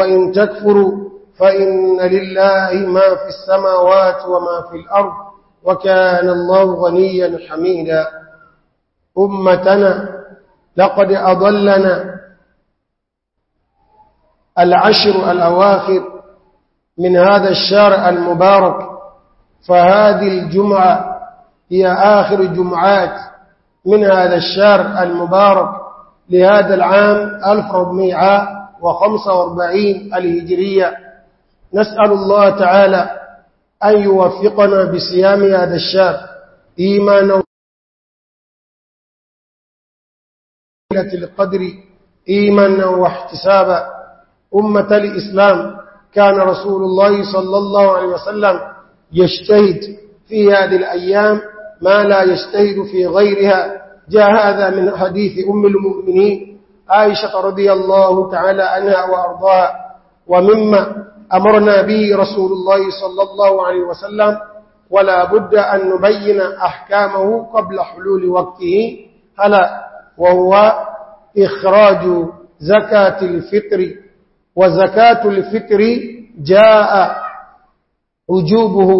وإن تكفروا فإن لله ما في السماوات وما في الأرض وكان الله غنيا حميدا أمتنا لقد أضلنا العشر الأواخر من هذا الشارع المبارك فهذه الجمعة هي آخر جمعات من هذا الشارع المبارك لهذا العام 1400 وخمسة واربعين الهجرية نسأل الله تعالى أن يوفقنا بصيام هذا الشاب إيمانا ليلة القدر إيمانا واحتسابا أمة الإسلام كان رسول الله صلى الله عليه وسلم يجتهد في هذه الأيام ما لا يجتهد في غيرها جاء هذا من حديث أم المؤمنين عائشة رضي الله تعالى عنها وأرضاها ومما أمرنا به رسول الله صلى الله عليه وسلم ولا بد أن نبين أحكامه قبل حلول وقته هلا وهو إخراج زكاة الفطر وزكاة الفطر جاء وجوبه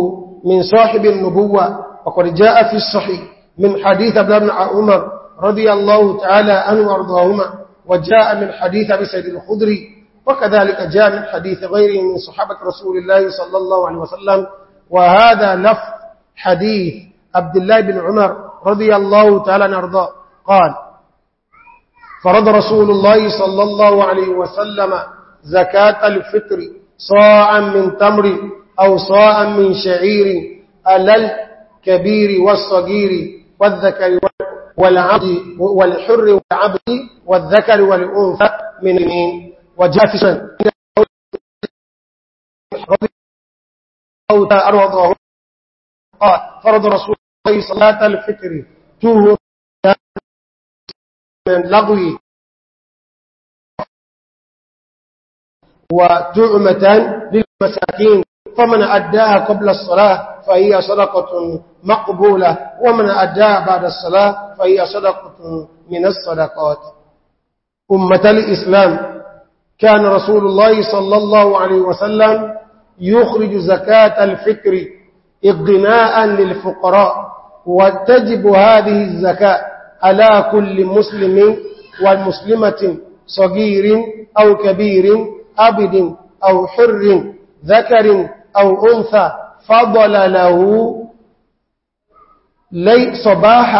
من صاحب النبوة وقد جاء في الصحيح من حديث ابن عمر رضي الله تعالى عنه وارضاهما وجاء من حديث أبي سيد الخدري وكذلك جاء من حديث غيره من صحابة رسول الله صلى الله عليه وسلم وهذا لفظ حديث عبد الله بن عمر رضي الله تعالى نرضى قال فرض رسول الله صلى الله عليه وسلم زكاة الفطر صاعا من تمر أو صاعا من شعير ألل كبير والصغير والذكر والعبد والحر والعبد والذكر والأنثى من المين وجافسا أو تأرضه قال فرض رسول الله صلاة الفكر توه من لغوي وتعمة للمساكين فمن أداها قبل الصلاة فهي صدقة مقبولة ومن أداها بعد الصلاة فهي صدقة من الصدقات أمة الإسلام كان رسول الله صلى الله عليه وسلم يخرج زكاة الفكر اغناء للفقراء وتجب هذه الزكاة على كل مسلم والمسلمة صغير أو كبير أبد أو حر ذكر أو أنثى فضل له لي صباح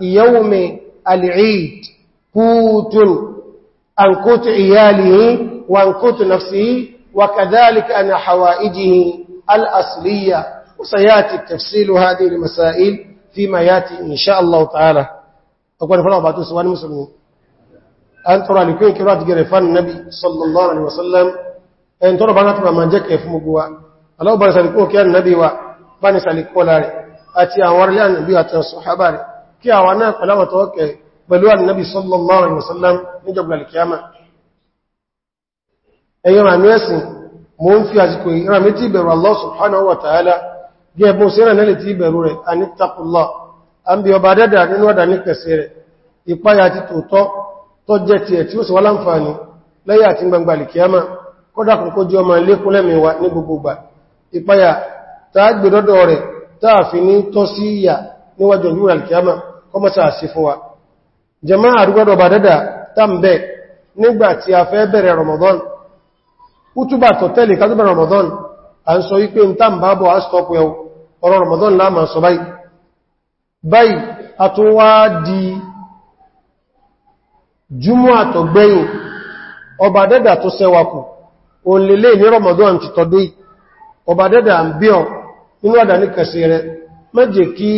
يوم العيد قوت عن قوت عياله وعن قوت نفسه وكذلك أن حوائجه الأصلية وسيأتي التفسير هذه المسائل فيما يأتي إن شاء الله تعالى أقول فلا أبعد سواني مسلمين أن ترى لكي كرات قرفان النبي صلى الله عليه وسلم أن ترى بنات ما جاك يفمقوا aláwọ̀ bá sàlìkó kí ẹ̀rìn nábi wa bá ní sàlìkó láre àti àwọn arílẹ̀ ànàbí àti ọ̀sọ̀hábà rẹ̀ kí àwọn náà pẹ̀láwọ̀ tọ́ọ̀kẹ̀ pẹ̀lú ànàbí sallallahu alaihi wasallam níjọba alkiyama ẹ̀yọ́ màmí ẹ̀sìn mo ń fi àsìkò ìrà mi tí ìbẹ̀rù Allah subhanahu wa ta'ala gẹ́ bó sí ìrànlẹ́ tí ìbẹ̀rù rẹ̀ a ní taqullah a ń bí ọba dẹ́dà nínú ọ̀dà ní pẹ̀sẹ̀ rẹ̀ ìpáyà tó jẹ́ ti ẹ̀ tí ó sì wá láǹfààní lẹ́yà àti gbangbalì kíyàmà kódà kò kójú ọmọ lékún lẹ́mìí wa ní gbogbo ìpayà tààgbèdọ́dọ̀ rẹ̀ tààfi ní tọ́ sí ìyà níwájú ìwé alkiyama kọmọ́sá sí fún wa jama'a àrúgbọ́dọ̀ bà dẹ́dà tàbẹ̀ a fẹ́ bẹ̀rẹ̀ Ramadan kútùbà tó tẹ́lì Ramadan a ń sọ wípé a Ramadan ti ọba dẹ́dà ń bí ọ inú àdà ní kẹsì rẹ méje kí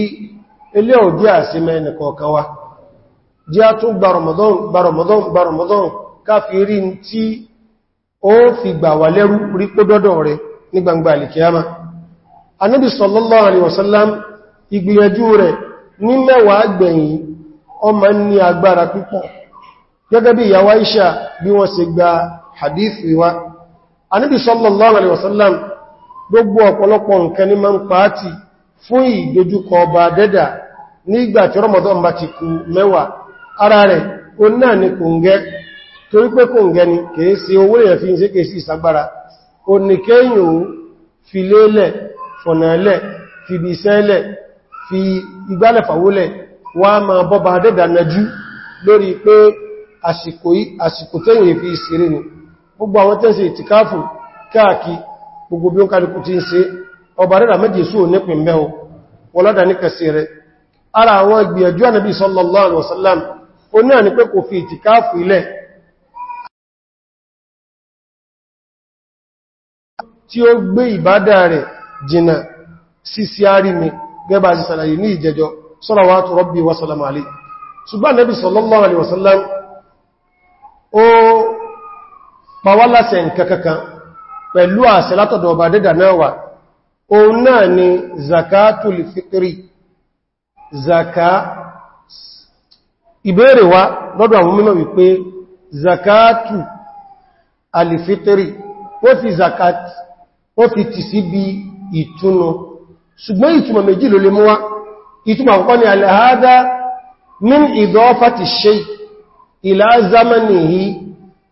ilé òjí àṣí mẹ́rin kọ̀ọ̀kan wá jí a tún gba Ramadan gba Ramadan gba Ramadan káfírí tí ó fi gbà wà lẹ́rú rí pé dọ́dọ̀ rẹ ní gbangba alìkìyàmá anábì sallallahu alaihi wasallam ìgbìyànjú rẹ̀ ní mẹ́wàá gbẹ̀yìn ọmọ ní sallallahu alaihi wasallam gbogbo ọ̀pọ̀lọpọ̀ nǹkan ní ma ń pàátì fún ìdojúkọ ọba dẹ́dà nígbàtí Ramadan bá ti kù mẹ́wàá ara rẹ̀ o náà ni kòǹgẹ́ torí pé ni kìí sí owó èyàn fi ń sí sí ìsagbára o ní ò fi fi káàkiri gbogbo bí ó kálukú ti ń ṣe ọba rẹ̀ ràmẹ́jì sóò nípìn mẹ́ wọlọ́dà ní kẹsì rẹ̀ ara àwọn ìgbìyànjú ànàbí sallallahu alaihi wasallam ó ní àní pé kò fi ìtìkáàfù ilẹ̀ tí ó gbé ìbádà rẹ̀ jìnà sísí àrími rabbi wa salamu alayhi ṣùgbọ́n sallallahu alaihi wasallam ó pàwálàsẹ̀ nǹkan kankan pẹ̀lú àṣẹ látọ̀dọ̀ ọba dẹ́dà náà wà òun náà ni zakatul fitri zaka ìbéèrè wa lọ́dọ̀ àwọn mímọ̀ wípé zakatu alifitri ó fi zakat ó fi tì sí bí ìtúnu ṣùgbọ́n ìtumọ̀ méjì ló lè mú wá àkọ́kọ́ ni alahada min idọ́fàtì ṣe ìlà zamanihi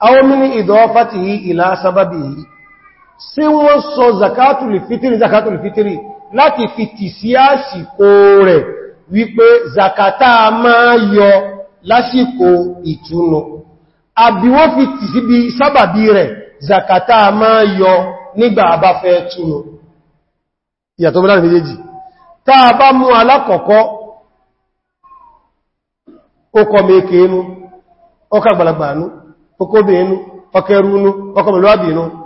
aw min idọ́fàtì ìlà sábàbìhì sí wọ́n sọ zakatuli fitiri zakatuli fitiri láti fi tì sí àsìkò rẹ̀ wípé zakata máa yọ lásìkò ìtúnu àbí wọ́n fi tì bí sábàbí rẹ̀ zakata máa yọ nígbà bá fẹ́ túnu ìyàtọ̀ bí láàrin méjèèjì táa bá mú alákọ̀ọ́kọ́ ọkọ̀ mẹ́kẹ̀ẹ́nu ọkọ̀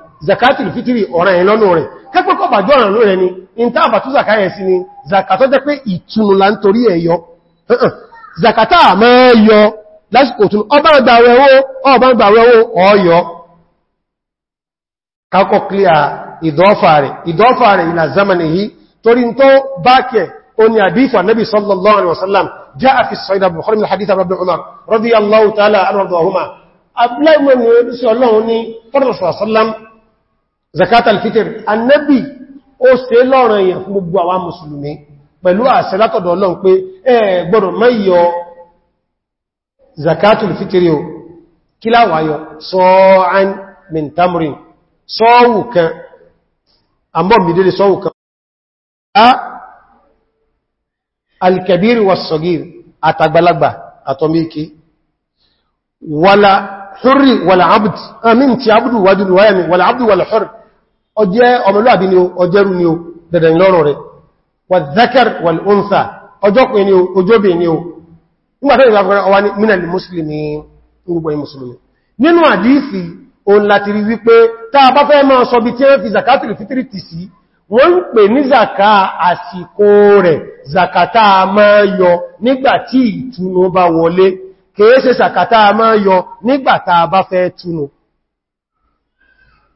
zakatul fitiri ọ̀rẹ́ ìlọ́nù rẹ̀ kẹ́pẹ́ kọ́ bàjọ́ ọ̀rẹ́ lórí ẹni in tá àbàtú zakayẹ sí ni zakatọ́ jẹ́ pé ìtùnù la ń torí ẹ̀yọ zakata mẹ́yọ lásìkò tún ọba gbàwẹ̀wó ọba gbàwẹ̀wó ọyọ kakọ́ kílíà ìdọ́fà rẹ̀ ìdọ́fà rẹ̀ ìlà zamani yìí torí tó bákẹ̀ ó ní àdífà nabi sallallahu alaihi wasallam jẹ́ àfi sọ́idà bukhari min hadith abu umar radiyallahu ta'ala anhu wa rahma abdullahi ibn umar ni ọlọ́run ni fọ́dọ̀ sallallahu zakat al-fitr annabi ó ṣe lọ́rọ̀ èèyàn fún gbogbo àwa mùsùlùmí pẹ̀lú àṣẹ látọ̀dọ̀ Ọlọ́run pé ẹ gbọ́dọ̀ má yọ zakat al-fitr o kí láwàáyọ sọ́ọ̀án min tamrin sọ́ọ̀wù kan àmọ́ mìdílé sọ́ọ̀wù kan a al-kabir was-saghir àtàgbàlagbà àtọ́míkì wala hurri wala abd amin ti abdu wadu wala abdu wala hurri ọjẹ́ ọmọlúàbí ni o ọjẹ́rú ni o dẹ̀dẹ̀ lọ́rọ̀ rẹ̀ wà zakar wà lóúnsà ọjọ́kùn ni o ojóbi ni o nígbàtí ìgbàfẹ́ ọwá ní mínàlì musulmi gbogbo musulmi nínú àdífì òun láti rí wípé táa bá fẹ́ máa sọ bí tí ẹ fi zakatìlì fítírì tì sí zakata máa yọ nígbàtí ìtúnu bá wọlé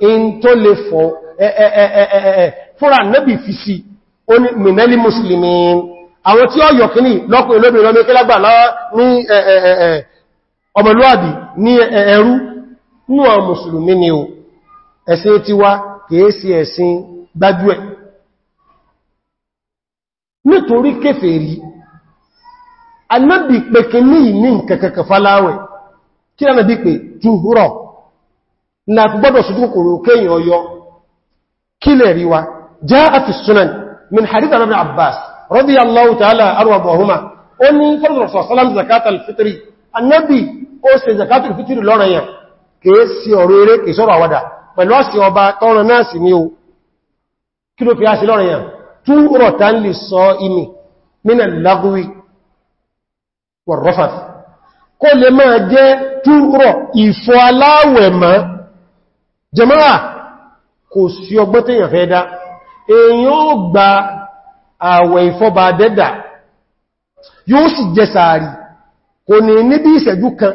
in tó lè e fúnra nẹ́bì fi sí oní mìnẹ́lì musulmi àwọn tí ó yọ̀kíní lọ́kùn olóbi lọ́mí kílágbà ní ọmọlúwàbí ní ẹ̀rú ní àwọn musulmi ni o ẹ̀sìn ti wá kèèsì ẹ̀sìn gbájúẹ̀ nítorí kéfèrí anábì pẹ̀kẹ́ ní ìní kí na gbọ́dọ̀ sójú kòrò kéyìn ọyọ kí lè rí wa jaa fi sunan min hadith ibn abbas radiyallahu ta'ala arwabahuma ó ní fọ́nà rọ̀sọ̀sọ́lám zakatal fitri annabi ó ṣe zakatal fitri lọ́ranyàn kìí sí ọ̀rọ̀ eré kìí sọ́rọ̀ àwádà pẹ̀lú ọ̀sì ọba tọ́rọ náà sì ní o kí ló fi á sí lọ́ranyàn tún rọ̀ tán lè sọ imi min al-lagwi kó lè máa jẹ́ tún rọ̀ ìfọ́ aláwẹ̀ máa jẹmọ́ra kò sí tí èyàn fẹ́ dá èyàn gba àwẹ̀ ìfọba dẹ́dà yóò sì jẹ sàárì kò ní níbi ìṣẹ́jú kan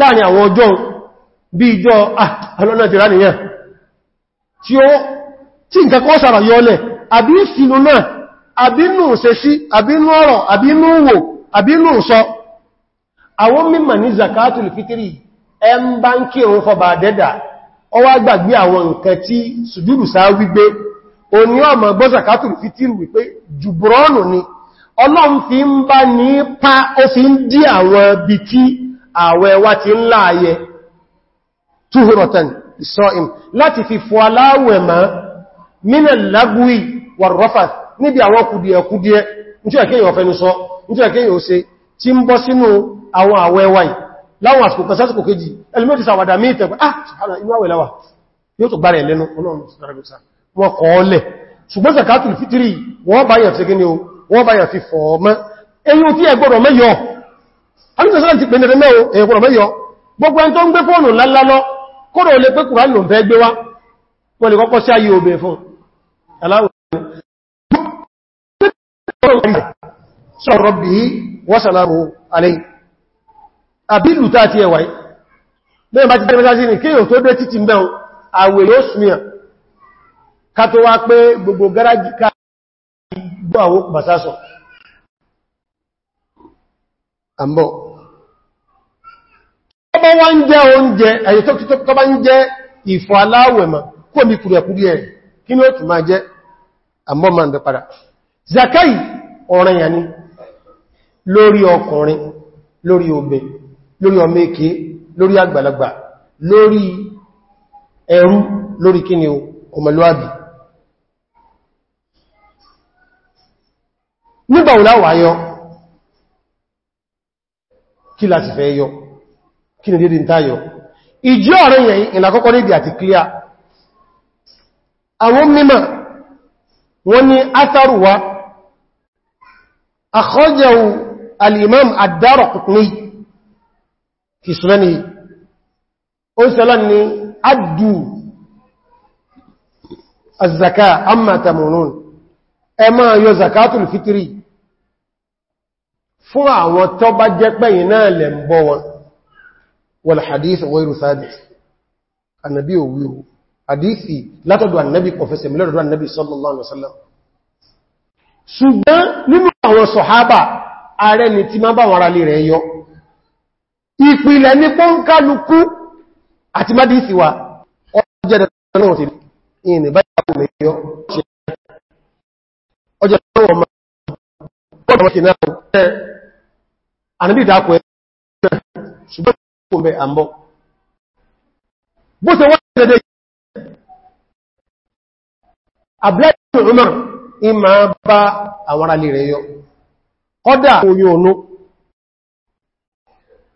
láàrin àwọn ọjọ́ bí ìjọ ah, nìyàn tí ó tí nǹkan kọ́ àbí náà àbí ṣe sí àbí ọ̀rọ̀ àbí wò àbí sọ àwọn mímọ̀ ní zakatul fitri ẹ ń bá ó wá gbàgbé àwọn nǹkan tí wigbe sáà wígbé o ní ọmọ fi tírù wípé jùbùrọ́nù ni ọlọ́run fi ń bá ní pa ó fi ń dí àwọn bí tí àwẹ̀ wá ti ń láàyẹ túhùrọ̀tàn láti fi fọ aláwẹ̀ mọ́ níbi láwọn àsìkò kan sásìkò kejì ẹlùmí ti sàwàdà mí ìtẹ̀kù ah ṣàhánà inú àwẹ̀ láwà yóò tó gbára ẹ̀lẹ́nu ọlọ́run sàrẹ̀bẹ̀sà wọ́n kọ́ ọlẹ̀ ṣùgbọ́n sàkátùl fítírì wọ́n bá yàn fi wọ́n bá yàn fi fọ́ọ̀mọ́ èyí tí ẹ gbọ́dọ̀ mẹ́yọ alùsọ̀sọ́lá ti pẹ̀lẹ̀ mẹ́o ẹ gbọ́dọ̀ mẹ́yọ gbogbo ẹn tó ń gbé fóònù àbí ìlú tàà ti ẹwà bẹ́ẹ̀ bá ti tẹ́ mẹ́sá sí ní kíyàn tó dé títí mẹ́un àwẹ̀ yóò súnmìyàn ká tó wá pé gbogbo gáràjì ká gbọ́ àwọ́ pàṣásọ̀ àmbọ̀ ọmọ wá ń jẹ́ oúnjẹ ẹ̀yẹ tó bá ń jẹ́ ìfọ̀ aláwẹ̀mọ̀ lórí ọkùnrin lórí obìnrin lórí ọmọ èké lórí àgbàlagbà lórí ẹrú lórí kíni ọmọlúwàbí nígbà òlá wáyọ kí láti fẹ́ yọ kí ni dédé ń táyọ ìjọ ọ̀rẹ́ yẹn ìlàkọ́kọ́ níbi àti clear àwọn mímọ̀ wọ́n ni atharuwa akhrajahu al-imam في سننه أنسلني أدوا الزكاة عما تمونون أما يو زكاة الفطري fún àwọn tó bá jẹ́ pẹ̀yìn náà lè ń bọ́ wọn wal hadith wairu sadis annabi o wíru hadithi látọ̀dọ̀ annabi kọfẹsẹ̀ mílọ́dọ̀ annabi sallallahu alaihi wasallam ṣùgbọ́n nínú àwọn ìpìlẹ̀ ní pọ́nkálukú àti mádìsí wa ọjọ́ ìdẹ̀lọ́wọ̀n sí ìní báyàwó mẹ́yọ ọjọ́ ìdẹ̀lọ́wọ̀n ma ọjọ́ ìdẹ̀lọ́wọ̀n sí ìmọ̀ bá àwọn ará rẹ̀ yọ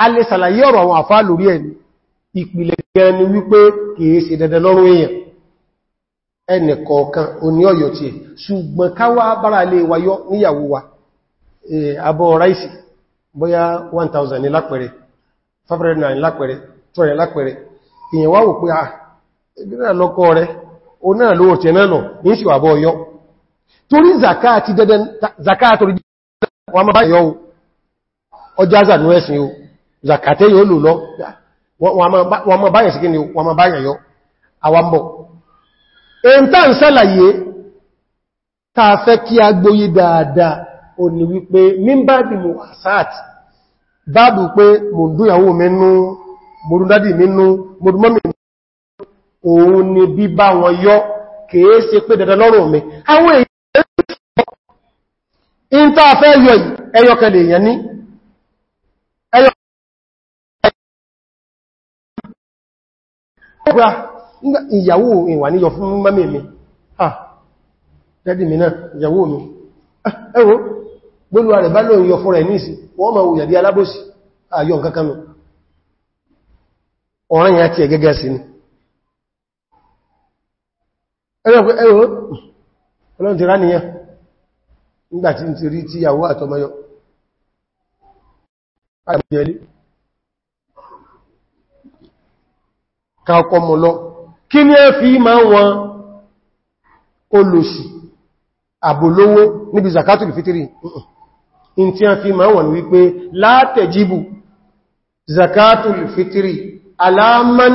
a lè sàlàyé ọ̀rọ̀ àwọn àfá lórí ẹni ìpìlẹ̀ gẹ̀rẹ̀ ni wípé kìí ṣe dẹ̀dẹ̀ lọ́rún èèyàn ẹnì kọ̀ọ̀kan oní ọ̀yọ̀ tí ẹ̀ ṣùgbọ́n káwà bára lè wáyọ́ níyàwó wa abọ́ ráìsì bóyá 1000 lápẹẹrẹ 500 lápẹẹrẹ ọjọ́ ẹ̀sìn yóò zakate yóò lò lọ wọ́n ma báyẹ̀ sí kí ni wọ́n ma báyẹ̀ yọ àwambọ̀. èyí tàà ń sálàyé tàà fẹ́ kí a gbóyé dáadáa o ni wípé mímbá bí mo àsáàtì báàbù pé mo dún ìyàwó mẹ́nu mo dún dádì mẹ́nu mo dún mọ́mí òun ni bí bá wọn yọ kèé ṣe pé dandan lọ́rùn mi àwọn èyí ẹgbà ìyàwó ìwà níyọ fún mẹ́mẹ́ ah dẹ́dì mi náà ìyàwó mi ẹwọ́ gbólúwà rẹ̀ bá lọ ìyọ fún rẹ̀ níìsì wọ́n ma wù yàdí alábòsí ayọ́ kankanù ọ̀rán yà ni ẹwọ́ ọlọ́run ti rá káàkọ́ mọ̀ lọ kí ní ẹ fi máa wọn olùsì àbòlówó níbi zakatul fitiri in tí a fi máa wọn wípé látẹ̀jíbù zakatul fitiri aláman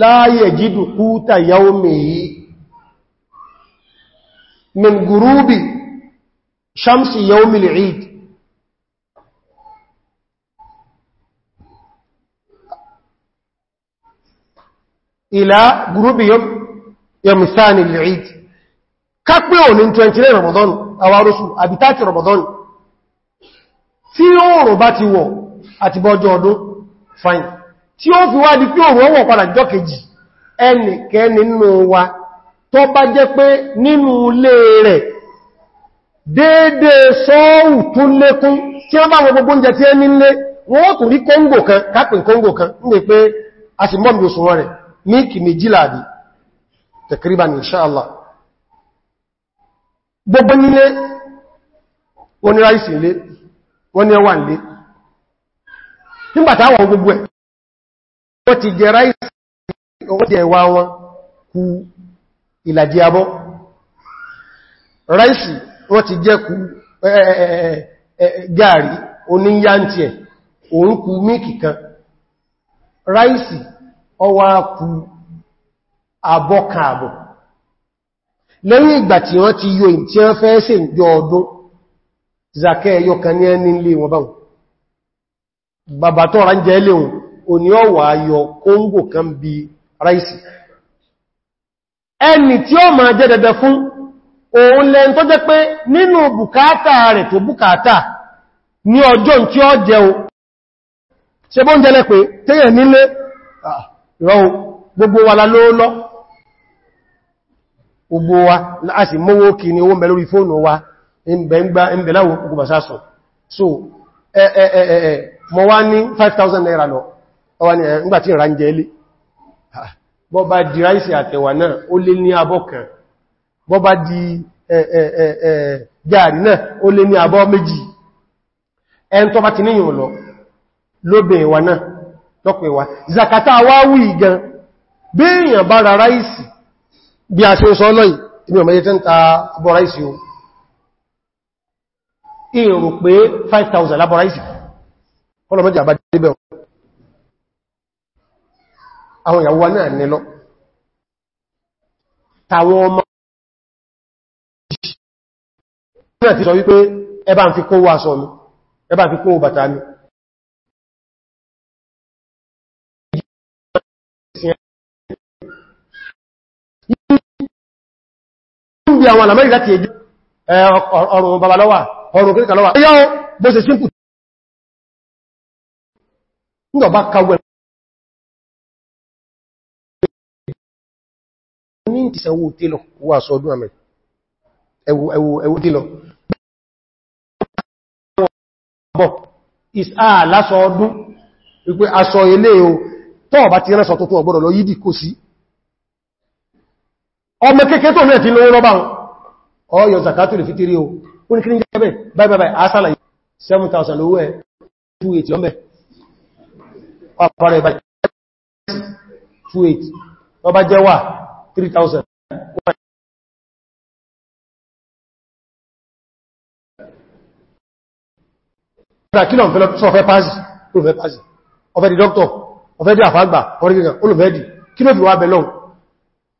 láyẹ̀ jídù kúta yawmihi min gurubi shamsi yawmil eid ìlà gúrúbì yọmùsáàni lèid kápẹ́ òní 29 Ramadan àwárúsù àbí 30 Ramadan tí oòrùn bá ti wọ̀ àti bọ́jọ́ ọdún fine tí ó fi wá di pé oòrùn ọwọ̀ padà jọ kejì ẹnìkẹ́ni nínú wa tó bá jẹ́ pé nínú ilé rẹ̀ déédéé sọ́ọ̀wù tó lékún tí bá a sì mílìkì méjìlá bí takriban insha Allah gbogbo nílé wọ́n ní ráìsì ilé wọ́n ní ẹwà ilé nígbàtà àwọn gbogbo ẹ̀ wọ́n ti jẹ ráìsì ọwọ́ jẹ ẹwà wọn kú ìlàjì abọ́ ráìsì wọ́n ti jẹ kú gààrí oníyàntí ẹ̀ òun kú kan ráìsì ọwá kú abọ́kààbọ̀ lẹ́yìn ìgbà tí wọ́n ti tí wọ́n fẹ́ ṣe ìjọ ọdún zakẹ́ ẹyọ kan ní ẹni ilé wọn báwọn bàbá tó rán jẹ́ ilé wọn ní ọwà ayọ kóngò kan bí ráìsì ẹni tí ó máa jẹ́ dẹ̀dẹ̀ fún òun lẹ́n tó jẹ́ pé nínú rẹ̀ tó ní ọjọ́ tí ó ṣe bó rọ́ gbogbo wa lálóòlọ́ gbogbo wa a sì mọ́wó kì ní owó mẹ́lórí fóònù wa ìbẹ̀láwò gbogbo so mọ́ wá ní 5,000 naira lọ ọwá ní ẹ̀ngbàtí ìrà ń jẹ ilé bọ́bá di ráìsì àtẹ̀wà náà ó lé ní abọ́kan bọ́bá di gààrí náà ó lé ní abọ́ méjì ẹn tó bá ti níyàn lọ lóbẹ̀ ìwà náà lọ́pẹ̀wà zakata wá wù ìgan bí èèyàn bá ra ráìsì bí a ṣe ń sọ lọ́yìn ibi ọmọ ẹjẹ́ tẹ́ ń ta abọ́ ráìsì o ìrò pé 5,000 lábọ́ ráìsì ọlọ́mọdé àbájá débẹ̀ àwọn ìyàwó wa náà nílọ tàwọn ọmọ náà ti sọ wípé ẹbá ń fi kó wà sọ mi ẹbá ń fi kó bàtà mi ń bí àwọn àlàmẹ́rì láti èdè ọ̀rọ̀ babalọ́wà ọ̀rọ̀ kìrìkà lọ́wà ẹyọ́ bó ṣe sínkù nígbà bá kawẹ̀ ní ìtìsẹ̀wò télọ wà sọ́dún àmẹ́ ẹwọ télọ ìsáà ah, lásọ ọdún wípé aṣọ ilé o tọ́ọ̀bá ti rẹ́sọ tó tó ọgbọ́dọ̀ lọ yídì kò sí ọmọ kéèkéé tó mẹ́ẹ̀tí lówó lọ́bá ọyọ zakatuli fitiri o ó ní kí ní jẹ́ bẹ́ báyìí báyìí asálà 7,000 lówó ẹ̀ 280 ọmọ ọ̀pàrẹ̀ ìbáyìí 280 ọba jẹ́ wà 3,000 ọ̀dá kí lọ́n fẹ́ lọ́tún ọ̀fẹ́ pàásì ọ̀fẹ́ pàásì ọ̀fẹ́ di dókítọ̀ ọ̀fẹ́ di àfágbà ọ̀rẹ́gẹ̀gẹ̀ olùfẹ́ di kí ló fi wá bẹ̀ lọ́wọ́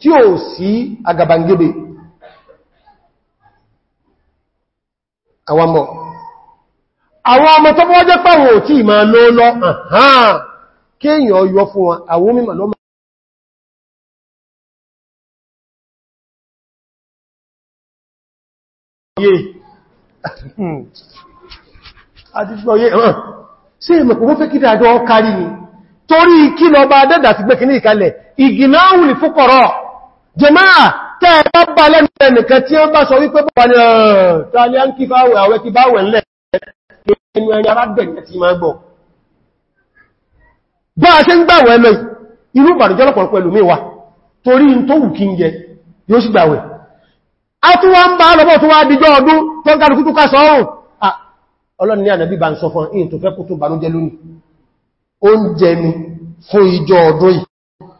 tí ó sí agabangebe àwọn ọmọ àwọn ọmọ tó bọ́jẹ́ pàwọn òtí ìmọ̀ ló lọ àhán kéèyàn yọ fún wọn àwọn mímọ̀ lọ́mọ̀ sí ìmọ̀kùn fẹ́ kí dáadọ́ kárí ni torí kí lọ bá dẹ́dà ti gbẹ́kì ní ìkalẹ̀ ìgìnáhùn fúkọ̀rọ̀ jẹmáà tẹ́ẹ̀bá bá lẹ́nu ẹnìkan tí ó bá sọ wípé bọ́ ní ọ̀tàlíán kí fáwẹ̀ àwẹ́ kí báwẹ̀ ńlẹ̀ ẹnu ẹni arábẹ̀rẹ̀ ti máa gbọ́ bá a ṣe ń gbàwẹ̀ ẹlọ inú bàrìjọ́lọ̀pọ̀ pẹ̀lú mi wà torí in tó wù yóò sì gbàwẹ̀ a tún wá ń bá lọ́bọ̀ tó wá díjọ́ ọdún tó ń kàrùkú tó ká sọ ọrùn ọlọ́run ní ànàbí bá ń sọ fún ìyìn tó fẹ́ kú tó banújẹ́ lónìí oúnjẹ ni fún ìjọ ọdún yìí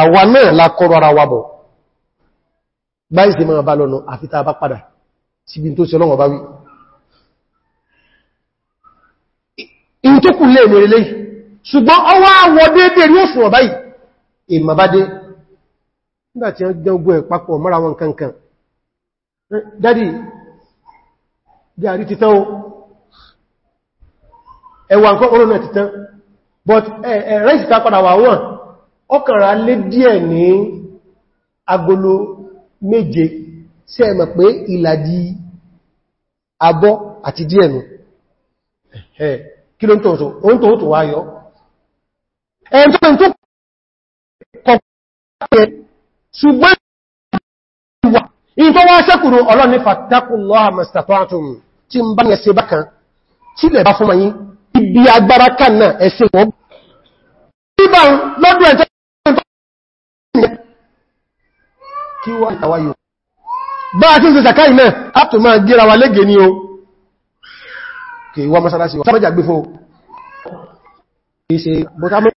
àwa náà lákọrọ ara wa bọ̀ báyìí sí máa bá lọ́nà àfíta bá padà síbi tó sí ọlọ́wọ̀ bá wí in tó kù lè mẹ́rẹ̀ lẹ́yìn ṣùgbọ́n ọwọ́ àwọ̀ nígbàtí a jẹ́gbọ́ ẹ̀ papọ̀ mara wọn kankan dádì jàrí títán o ẹwà nǹkan olóòrùn ẹ̀ títán but ẹ̀rẹ́ ìsìta padà wà wọ́n ọkànrà lé díẹ̀ ní agolo méje sí ẹmọ̀ pé ìlàjì abọ́ àti díẹ̀ nù kí ló ń tọ̀ọ̀tọ̀ oún tó tó wáyọ́ ẹn tó tó kọ̀kọ̀kọ̀ ṣùgbọ́n ìwà ìtọ́ wá ṣẹ́kùrù ọlọ́ni fattaqullaha mastata'tum tí ń bá ní ẹsẹ bákan ibi agbára kan náà ẹsẹ wọ́n bíbá lọ́dún ẹ̀tọ́ kí wá ìtàwáyò bá a ti ń ṣe sàkáì náà a tó máa gíra wa lẹ́gẹ̀ ní o kì í wá mọ́sálásí wọ́n sábẹ́jà gbé fún ìṣe bọ́tá mọ́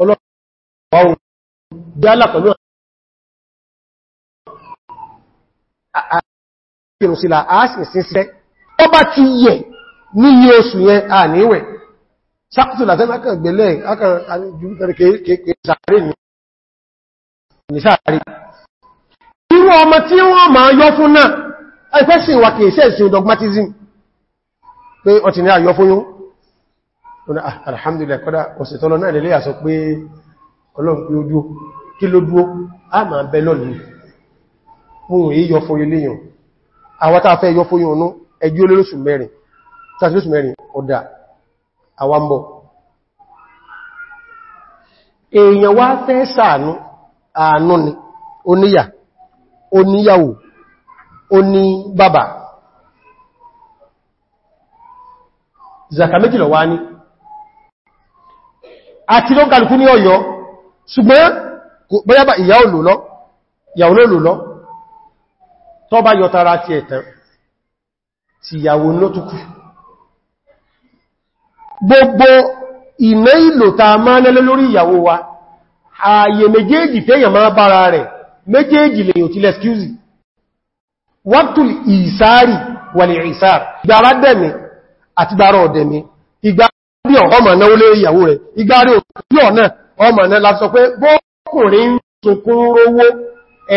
ọlọ́run jẹ́ alápẹ̀lú ààrẹ ìrùsílà àásìsíṣẹ́ tó bá ti yẹ ní iye oṣù yẹn à níwẹ̀ sáàtù làtẹ́mà kan gbẹ̀lẹ̀ irú ọmọ tí wọ́n máa yọ fún náà ẹgbẹ́ sí ìwà kìí ṣe ìsìn dogmatism pé ọ̀tí ní àyọ fún yún ah, alhamdulillah kọ́dá òsìtọ́lọ náà lè àsọ pé ọlọ́run pé ó dúó kí ló dúó a máa bẹ lọ́nìí mú èyí yọ fún ilé yàn àwátá fẹ́ yọ fún yàn náà ẹjú olóṣù mẹ́rin sàtìlóṣù mẹ́rin ọ̀dà àwambọ̀ èèyàn wá fẹ́ ṣàánú àánú ni oníyà oníyàwó oní bàbá zaka méjìlọ wá ní àti ló kàlùkú ní ọ̀yọ́ ṣùgbọ́n bóyá bá ìyá olùlọ́ ìyàwó olùlọ́ tó yọ tara ti ẹ̀tàn ti ìyàwó lótùkù gbogbo ìmẹ́ ìlò ta máa nẹ́lẹ́ lórí ìyàwó wa ààyè méjèèjì fẹ́yàn máa bára rẹ̀ méjèèjì lè yóò ti lẹ́skúzi waqtul ìsáàrì wal ìsáàrì ìgbàrá dẹ̀mí àti ìgbàrá ọ̀dẹ̀mí ìgbàrí ọmọ náà lé ìyàwó rẹ̀ ìgbàrí ọmọ náà láti sọ pé bọ́kùnrin sunkún rówó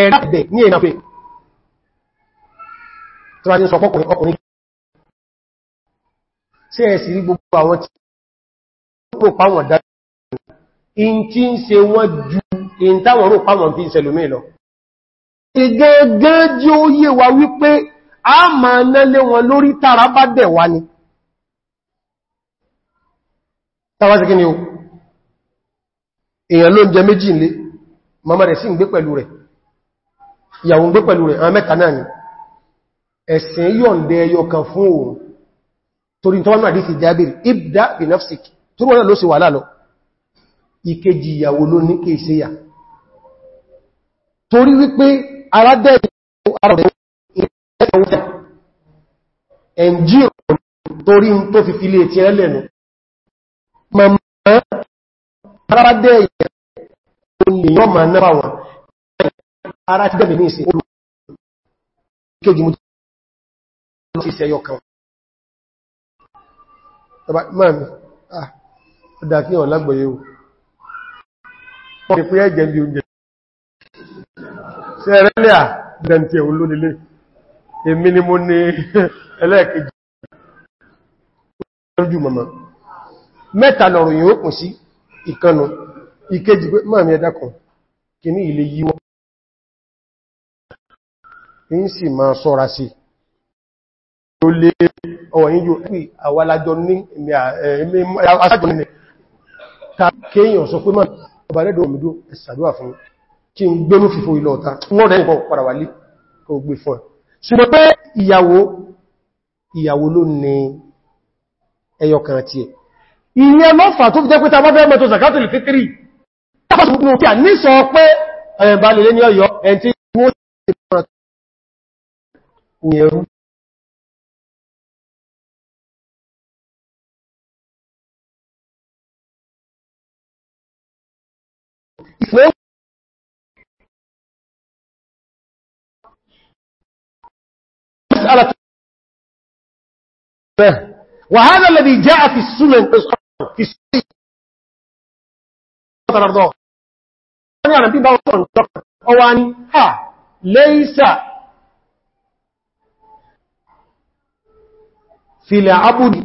ẹ̀rẹ́ ní ìnàfẹ́ tí wá ní sọ fọ́kùnrin ọkùnrin sí ẹ̀sì rí gbogbo àwọn tí ó pàwọn dájú in tí ń ṣe wọ́n ju in táwọn rò pàwọn tí ń ṣẹlùmí lọ ìgẹ́gẹ́ ó yé wa wípé a máa nálé wọn lórí tààrà bá dẹ̀ wá ni tàwà sí kí ni mama rẹ̀ sì ń gbé pẹ̀lú rẹ̀ ìyàwó ń gbé pẹ̀lú rẹ̀ ẹ̀sìn yọ̀ǹdẹ̀ ẹyọ kan fún òun torí tó wánú àdísì jábìrì ibda bi nafsik tó wọ́n ló sì wà lálọ ìkejì ìyàwó ló ní kí ìsẹ́yà torí wípé aládẹ́ Ara ti gbẹ̀mì ní ìsìn olùkejì mú ti ṣe ẹyọ kan mami ah ọ̀dá kí o wọ́n pín ẹ̀jẹ̀ bí oúnjẹ sí ẹ̀rẹ́lẹ́ à dẹ̀ntì ẹ̀wọ̀n ló lélẹ̀ èmi ni mo ní ẹlẹ́ẹ̀kejì lójú mọ̀mọ̀ mẹ́ta lọ̀rọ̀ yìí ó kùn sí ìkanu ìkejì pé mami ẹ̀dá kan kì ní ilé yíwọ́ ń sì máa sọ́ra sí i lé ọwọ̀ yíjú pí àwàlájọ ní aṣájọ nílẹ̀ ta kéèyàn sọ pé mọ́ ọba rẹ̀dọ̀ òmìdó ẹ̀sàdúwà fún kí n gbénú fífò ilọ̀ ọ̀ta wọ́n rẹ̀ nǹkan padà wálé kò gbé fún ẹ̀ ṣùgbọ́n pé ìyàwó ìyàwó ló ní ẹyọ kan tí ẹ̀ مسألة وهذا الذي جاء في السنن في السنن ترضاه يعني اواني ها ليس في العبد